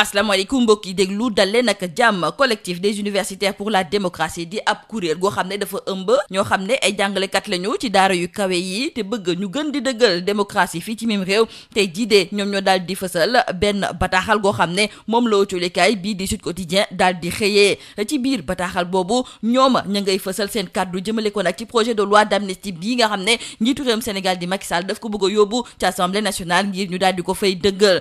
asalaamaaleykum mbokk yi déglu dalee nag jàmm collectif des universitaires pour la démocratie di ab kuréel goo xam ne dafa ëmb ñoo xam ne ay jàngalekat lañu ci daara yu kawe yi te bëgg ñu gën di dëggal démocratie fii ci mim réew tey jii de ñoom ñoo daal di fësal benn bataaxal goo xam ne moom la wóccolekaay bii di Sud Quotidien daal di xëyee ci biir bataaxal boobu ñoom ña ngay fësal seen kàddu jëmale ko nag ci projet de loi d'amnistie bii nga xam ne njiitu réewum Sénégal di Macky Sall daf ko bëgg a yóbbu ci assemblée nationale ngir ñu daal di ko fay dëggal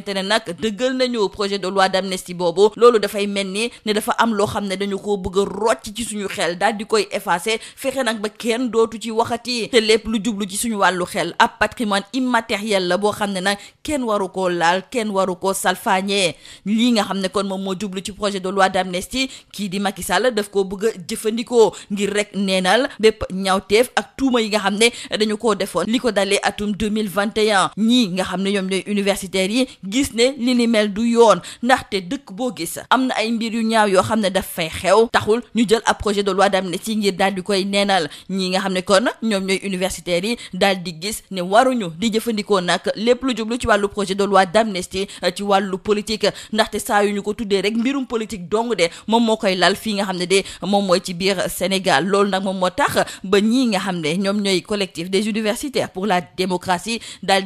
xamante ne nag dëggal nañu projet de loi d'amnistie boobu loolu dafay mel ni ne dafa am loo xam ne dañu koo bëgg a rocc ci suñu xel daal di koy effacer fexe nag ba kenn dootu ci waxati te lépp lu jublu ci suñu wàllu xel ab patrimoine immatériel la boo xam ne nag kenn waru koo laal kenn waru koo salfaañee lii nga xam ne kon moom moo jublu ci projet de loi d'amnistie kii di Macky Sall daf koo bëgg a jëfandikoo ngir rek neenal bépp ñaawteef ak tuuma yi nga xam ne dañu koo defoon li ko dalee atum 2021 ñii nga xam ne ñoom ñooy universitaires yi gis ne li ni mel du yoon ndaxte dëkk boo gis am na ay mbir yu ñaaw yoo xam ne daf fay xew taxul ñu jël ab projet de loi d'amnistie ngir daal di koy neenal ñii nga xam ne kon ñoom ñooy universitaires yi daal di gis ne waruñu di jëfandikoo nag lépp lu jublu ci wàllu projet de loi d'amnistie ci wàllu politique ndaxte saa yu ñu ko tuddee rek mbirum politique dong de moom moo koy lal fii nga xam ne de moom mooy ci biir Sénégal loolu nag moom moo tax ba ñii nga xam ne ñoom ñooy collectif des universitaires pour la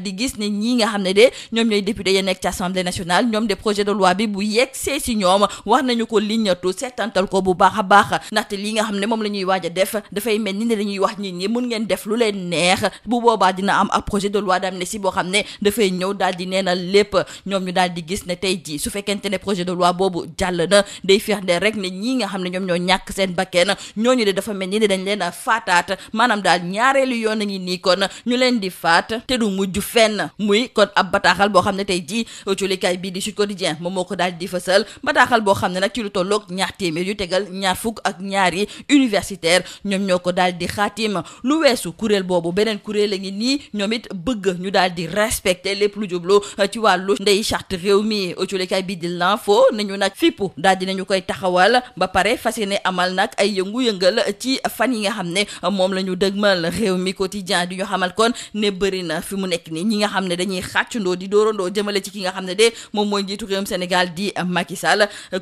di gis ne ñii xam ne de ñoom nekk ci assemblée nationale ñoom de projet de loi bi bu yegsee si ñoom war nañu ko liñatu seetantal ko bu baax a baax ndaxte lii nga xam ne moom la ñuy waaj a def dafay mel ni ne dañuy lu leen neex bu boobaa dina am ab projet de loi d'amnistie boo xam ne dafay ñëw daal di neenal ne tey jii su fekkente ne projet de loi boobu jàll na ñoo ñàkk seen bakkeen ñooñu de dafa mel ni ne dañ leen a faataat maanaam daal ñaareelu yoon a ngi nii kon ñu leen di faat te du mujj fenn muy kon ab bataaxal boo xam ne tey jii ji culikaay bii di Sud Quotidien moom moo ko daal di fësal bataaxal boo xam ne nag ci lu tolloog ñaar téeméer yu tegal ñaar fukk ak ñaari universitaire ñoom ñoo ko daal di lu weesu kuréel boobu beneen kuréel a ngi nii ñoom it bëgg ñu daal di respecté lépp lu jublu ci wàllu ndey charte réew mi culikaay bi di l'info nañu nag fippu daal di nañu koy taxawal ba pare fas yéene amal nag ay yëngu-yëngal ci fan yi nga xam ne moom la ñu dëgmal réew mi quotidien di ci ki nga xam ne de moom mooy njiitu réewum Sénégal di Macky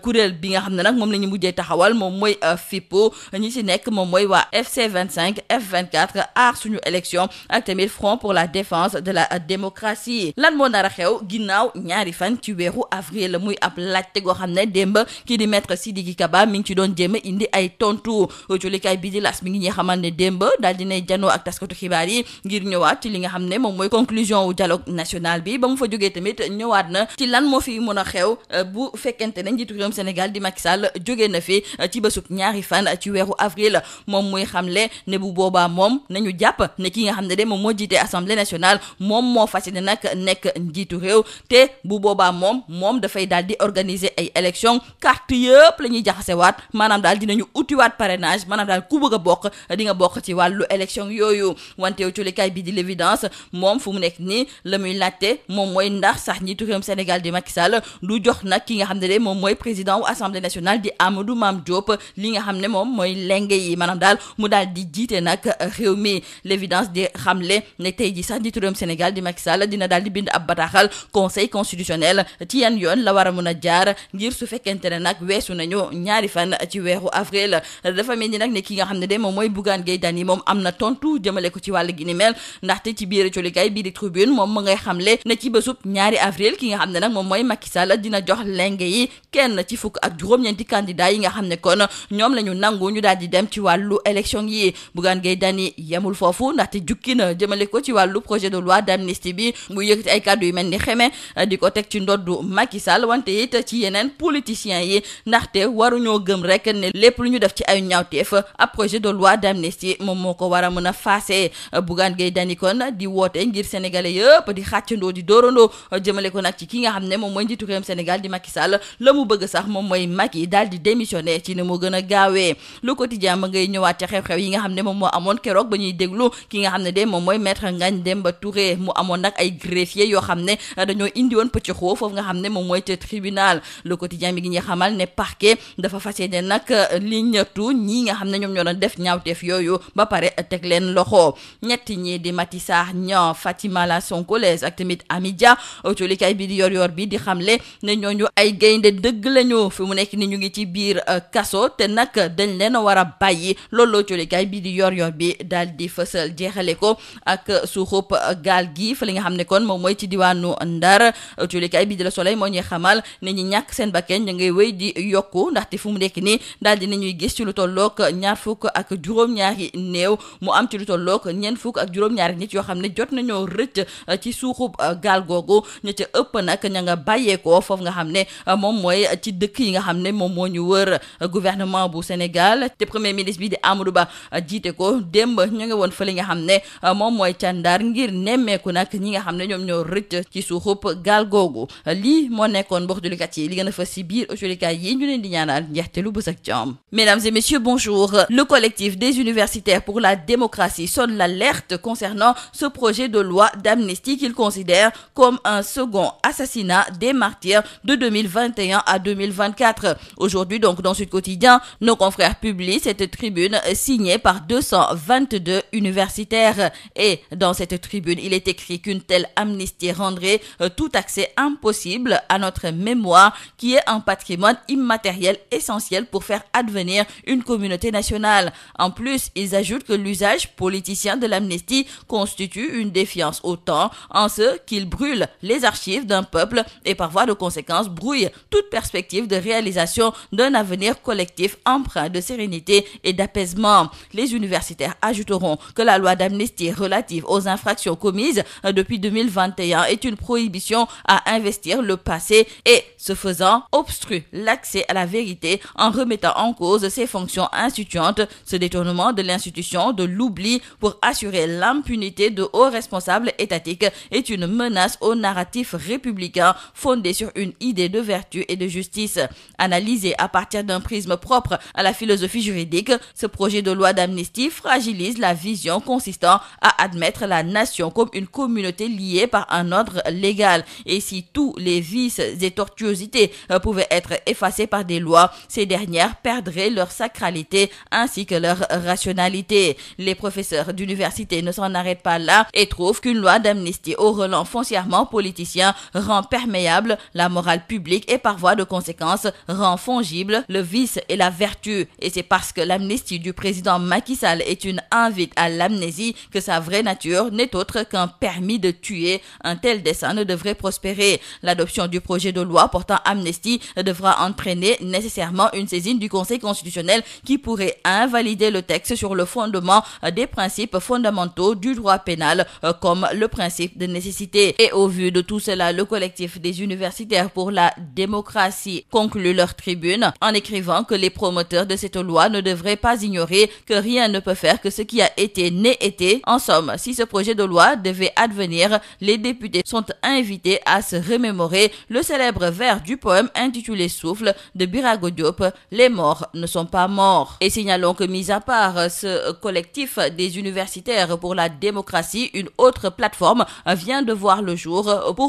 kuréel bi nga xam ne nag moom la ñu mujjee taxawal moom mooy euh, FIPO ñi nekk moom mooy waa FC 25 F24 aar suñu élection ak tamit Front pour la défense de la euh, démocratie lan moo nar a xew ginnaaw ñaari fan ci weeru avril muy ab laajte goo xam ne démb kii di maître Sidiki Kaba mi ngi ci doon jéem a indi ay tontu colikaay bi di las mi ngi ñuy xamal ne démb daal dinay janoo ak taskatu xibaar yi ngir ñëwaat ci li nga xam ne moom mooy conclusion wu dialogue national bi ba mu fa jógee tamit ñëwaat na ci lan moo fi mën a xew euh, bu fekkente ne njiitu réewum Sénégal di Macky Sall jóge na fi euh, ci bésub ñaari fan ci weeru avril moom muy xamle ne bu boobaa moom nañu jàpp ne ki nga xam ne de moom moo jiite assemblée nationale moom moo fas ne nag nekk njiitu réew te bu boobaa moom moom dafay daal di organiser ay élection carte yëpp la ñuy jaxasewaat maanaam daal dinañu utiwaat parrainage maanaam daal ku bëgg a bokk di nga bokk ci wàllu élection yooyu wante wu culikaay bi di l'évidence moom fu mu nekk nii la muy laajte moom mooy ndax njiitu réewum Sénégal di Macky du jox nag ki nga xam ne de moom mooy président wu assemblée nationale di Amadou Mame Diop li nga xam ne moom mooy lenge yi maanaam daal mu daal di jiite nag réew mi l'évidence di xamle ne tey ji sax njiitu réewum Sénégal di Macky Sall dina daal di bind ab bataaxal conseil constitutionnel ci yan yoon la war a mun a jaar ngir su fekkente ne nag weesu nañu ñaari fan ci weeru avril dafa mel ni nag ne ki nga xam ne de moom mooy Bougane Gueye Dany moom am na tontu jëmale ko ci wàll gi ni ci bii di tribune moom mu ngay avril ki nga xam ne nag moom mooy Macky Sall dina jox lenge yi kenn ci fukk ak juróom-ñeenti candidat yi nga xam ne kon ñoom la ñu nangu ñu daal di dem ci wàllu élection yi Bougane Gueye Dany yemul foofu ndaxte jukki na jëmale ko ci wàllu projet de loi d'amnistie bi mu yëkkati ay kàddu yu mel ni xeme di ko teg ci ndoddu Macky Sall wante it ci yeneen politiciens yi ndaxte ñoo gëm rek ne lépp lu ñu def ci ay ñaawteef ab projet de loi d'amnistie moom moo ko war a mën a faase Bougane Gueye Dany kon di jëmale ko nag ci ki nga xam ne moom mooy njiitu réewum Sénégal di Macky Sall la mu bëgg sax moom mooy Macky daal di démissionné ci ne moo gën a gaawee le ma ngay ñëwaat ci xew-xew yi nga xam ne moom moo amoon keroog ba ñuy déglu ki nga xam ne de moom mooy maître Ngagne Demba Touré mu amoon nag ay greffier yoo xam ne dañoo indi woon pëcc xoo foofu nga xam ne moom mooy ca tribunal le quotidien bi ngi ñuy xamal ne parquet dafa fas yéene nag euh, liñatu ñi nga xam ne ñoom ñoo doon def ñaawteef yooyu ba pare teg leen loxo ñetti ñi di Matissa Niang Fatimata Sonko les ak tamit Amy Dia yëglikaay bi di yor yor bi di xamle ne ñooñu ay gaynde dëgg lañu fi mu nekk ni ñu ngi ci biir euh, kaso te nag dañ leen a war a bàyyi looloo yëglikaay bi di yor yor bi daal di fësal jeexale ko ak suuxub gaal gi fa li nga xam ne kon moom mooy ci diwaanu Ndar yëglikaay bi di la Soleil moo ñuy xamal ne ñu ñàkk seen bakken ñu ngay wéy di yokku ndaxte fu mu nekk nii daal di ñuy gis ci lu tollook ñaar fukk ak juróom-ñaari néew mu am ci lu tollook ñeent fukk ak juróom-ñaari nit yoo xam ne jot nañoo rëcc ci suuxub euh, gaal googu ñu ca ëpp nag ña nga bàyyeekoo foofu nga xam ne euh, moom mooy ci dëkk yi nga xam ne moom moo ñu wër euh, gouvernement bu Sénégal te premier ministre bi di Amadou Ba euh, jiite ko démb ñu nga woon fële nga xam ne moom mooy ca Ndar ngir nemmeeku nag ñi nga xam ne ñoom ñoo rëcc ci suuxub gaal googu li moo nekkoon mbokk jullikat yi li gën a fës si biir jullikat yi ñu leen di ñaanal njeexte lu bës ak jàmm. Mesdames et messieurs, bonjour. Le collectif des universitaires pour la démocratie de loi d'amnistie qu'il considère comme second assassinat des martyrs de 2021 à 2024. Aujourd'hui, donc, dans Sud Quotidien, nos confrères publient cette tribune signée par 222 universitaires. Et dans cette tribune, il est écrit qu'une telle amnistie rendrait euh, tout accès impossible à notre mémoire, qui est un patrimoine immatériel essentiel pour faire advenir une communauté nationale. En plus, ils ajoutent que l'usage politicien de l'amnistie constitue une défiance au temps en ce qu'il brûle les archives d'un peuple et par voie de conséquence brouille toute perspective de réalisation d'un avenir collectif empreint de sérénité et d'apaisement. Les universitaires ajouteront que la loi d'amnistie relative aux infractions commises euh, depuis est une prohibition à investir le passé et, ce faisant, obstrue l'accès à la vérité en remettant en cause ses fonctions instituantes, ce détournement de l'institution de l'oubli pour assurer l'impunité de hauts responsables collectif républicain fondé sur une idée de vertu et de justice. Analysé à partir d'un prisme propre à la philosophie juridique, ce projet de loi d'amnistie fragilise la vision consistant à admettre la nation comme une communauté liée par un ordre légal. Et si tous les vices et tortuosités euh, pouvaient être effacés par des lois, ces dernières perdraient leur sacralité ainsi que leur rationalité. Les professeurs d'université ne s'en arrêtent pas là et trouvent politicien rend perméable la morale publique et par voie de conséquence rend fongible le vice et la vertu. Et c'est parce que l'amnistie du président Macky Sall est une invite à l'amnésie que sa vraie nature n'est autre qu'un permis de tuer. Un tel dessein ne devrait prospérer. L'adoption du projet de loi portant amnistie devra entraîner nécessairement une saisine du Conseil constitutionnel qui pourrait invalider le texte sur le fondement des principes fondamentaux cela, le collectif des universitaires pour la démocratie conclut leur tribune en écrivant que les promoteurs de cette loi ne devraient pas ignorer que rien ne peut faire que ce qui a été n'est été. En somme, si ce projet de loi devait advenir, les députés sont invités à se remémorer le célèbre vers du poème intitulé Souffle de Birago Diop, Les morts ne sont pas morts. Et signalons que mis à part ce collectif des universitaires pour la démocratie, une autre plateforme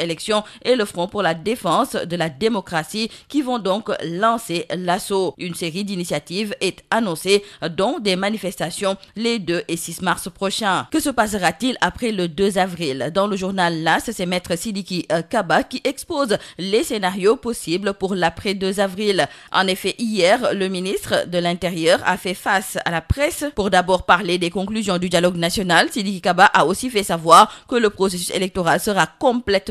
élection et le Front pour la défense de la démocratie qui vont donc lancer l'assaut. Une série d'initiatives est annoncée, dont des manifestations les et mars prochains. Que se passera-t-il après le 2 avril Dans le journal LAS, c'est Maître Sidiki euh, Kaba qui expose les scénarios possibles pour l'après 2 avril. En effet, hier, le ministre de l'Intérieur a fait face à la presse pour d'abord parler des conclusions du dialogue national. Sidiki Kaba a aussi fait savoir que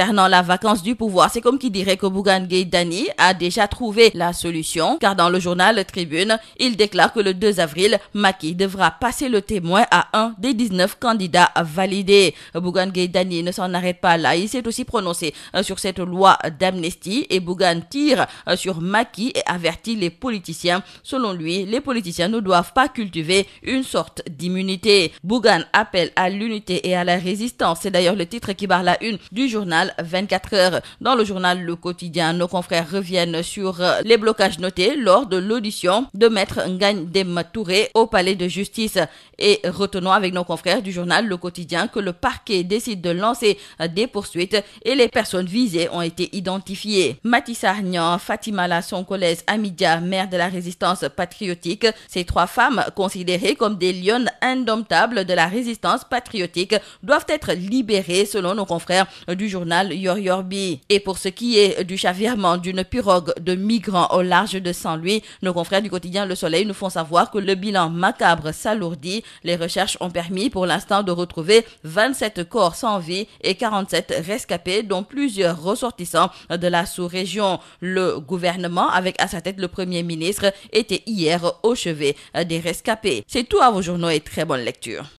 concernant la vacance du pouvoir, c'est comme qui dirait que Bougane Gueye Dany a déjà trouvé la solution, car dans le journal Tribune, il déclare que le 2 avril, Macky devra passer le témoin à un des 19 candidats validés. Bougane Gueye Dany ne s'en arrête pas là, il s'est aussi prononcé euh, sur cette loi d'amnistie et Bougane tire euh, sur Macky et avertit les politiciens. Selon lui, les politiciens ne doivent pas cultiver une sorte d'immunité. Bougane appelle à l'unité journal 24 heures. Dans le journal Le Quotidien, nos confrères reviennent sur euh, les blocages notés lors de l'audition de Maître Ngagne Demba au palais de justice. Et retenons avec nos confrères du journal Le Quotidien que le parquet décide de lancer euh, des poursuites et les personnes visées ont été identifiées. Matisse Arnian, Fatima Lassonkolès, Amidia, mère de la résistance patriotique, ces trois femmes considérées comme des lionnes indomptables de la résistance patriotique national Yor-Yor bi. Et pour ce qui est du chavirement d'une pirogue de migrants au large de Saint-Louis, nos confrères du quotidien Le Soleil nous font savoir que le bilan macabre s'alourdit. Les recherches ont permis pour l'instant de retrouver 27 corps sans vie et 47 rescapés, dont plusieurs ressortissants de la sous-région. Le gouvernement, avec à sa tête le Premier ministre, était hier au chevet des rescapés. C'est tout à vos journaux et très bonne